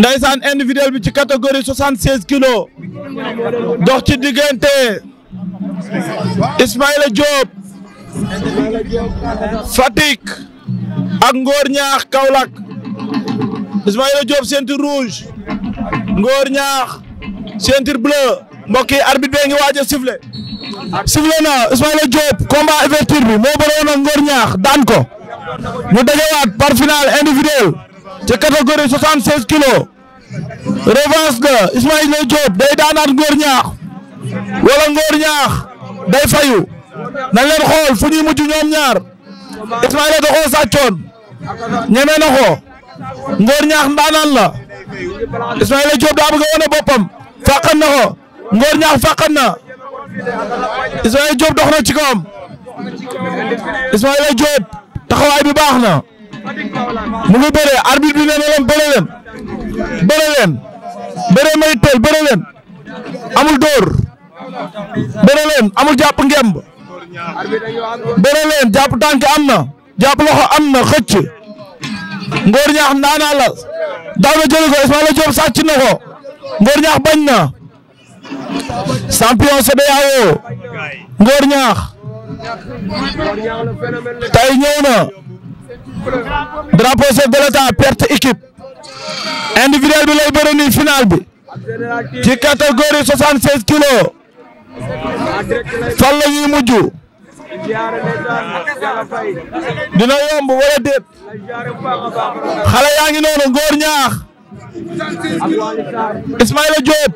Ndeysaan individuel bi ci catégorie soixante seize dox ci diggante Ismaïla Diop Fatick ak Ngor Ñaax Kaolack Ismaïla Diop ceinture rouge Ngor Ñaax ceinture bleue mbokk yi arbitre bee ngi waaj a sifflé na Ismaïla Diop combat ouverture bi moo bëroon Ñaax daan ko mu dajewaat par final individuel. ci catégorie 76 kilos revanche ga Ismaïla Diop day daanaat ngóor ñaax wala ngóor ñaax day fayu na leen xool fu ñuy mujj ñoom ñaar Ismaïla da koo ñeme na ko ngóor ñaax ndaanaan la Ismaïla Diop daa bëgg a wane boppam fàqan na ko ngóor ñaax fàqan na Ismaïla Diop dox ci kawam Ismaïla Diop taxawaay bi baax na mu ngi bëree arbitre bi nee bëre leen bëre leen bëre bëre leen amul dóor bëre leen amul jàpp ngemb bëre leen jàpp tànk am na jàpp loxo am na xëcc Ngor Ñaax naanaa la daaw Ngor Ñaax bañ na champion CEDEAO Ngor Ñaax tey ñëw na drapeau chef de l'état perte équipe individuel bi lay bëre nii final bi ci catégorie 76 kilos fan la ñuy dina yomb wala déet xale yaa ngi noonu góor ñaax Ismaïla Diop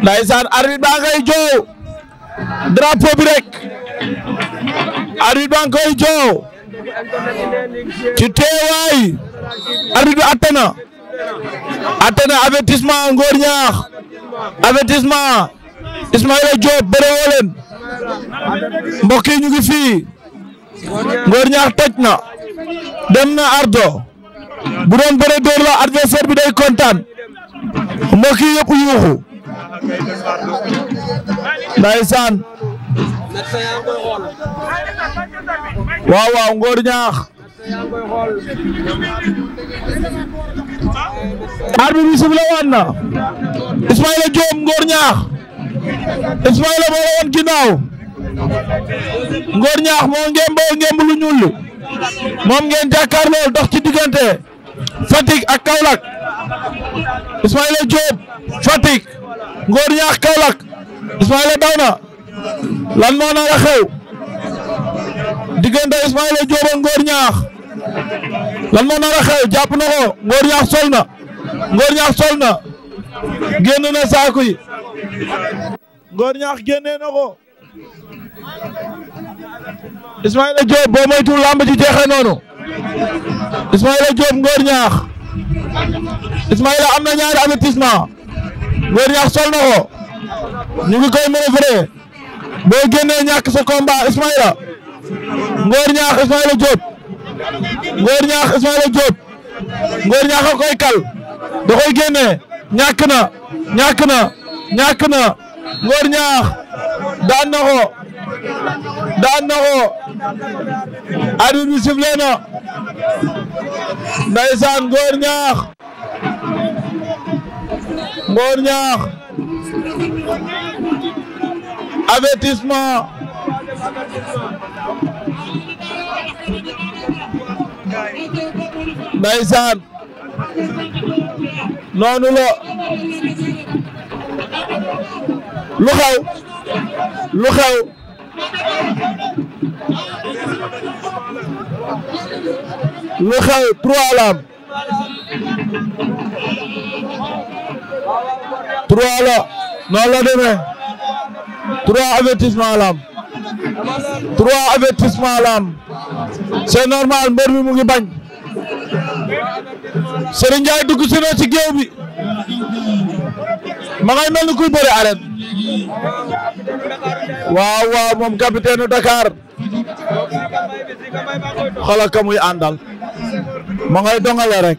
ndeysaan arbitre baa ngay joow drapeau bi rek arbitre baa ngi koy joow ci teewaay arbitre bi atte na atte na avertissement Ngor Niakh avertissement Ismaïla Diop bëre woo leen mbokk yi ñu ngi fii Ngor Niakh toj na dem na ardo bu doon bëre dóor la adversaire bi day kontaan mbokk yi yuuxu Ndeysaan waaw waaw Ngor ñaax arbi bi sifla waan na Ismaïla Diom Ngor ñaax Ismaïla moo la woon ginnaaw Ngor ñaax moo ngeen boo ngeen lu ñuul moom ngeen jàkkaarloo dox ci diggante Fatick ak Kaolack Ismaïla Diop Fatick Ngor Ñaax Kaolack Ismaila daw na lan moo nar a xew diggante Ismaila Diop ak Ñaax lan moo nar a xew jàpp na Ñaax sol na Ngor Ñaax sol na génn na saaku yi Ngor Ñaax génnee na ko Ismaila Diop boo moytuwul làmb ji jeexee noonu Ismaila Diop Ngor Ñaax Ismaila am na ñaari avertissement Ngor ñax sol na ko ñu ngi koy mérefere boo génnee ñàkk ñax Ismaïla Diop Ngor ñax Ismaïla Diop Ngor ñax a koy kal da koy génnee ñàkk na ñàkk na ñàkk na Ngor ñax daan na ko daan na ko arbitre bi siflé na ñax Ngor Niakh avertissement ndeysaan noonu lu xew lu xew trois la noonu la demee trois avertissement la am trois avertissement la am c'est normal mbër mi mu ngi bañ Serigne Ndiaye dugg si na ci géew bi ma ngay mel ni kuy bëri arène waaw waaw moom capitaine Dakar xoolal ka muy àndal ma ngay dongale rek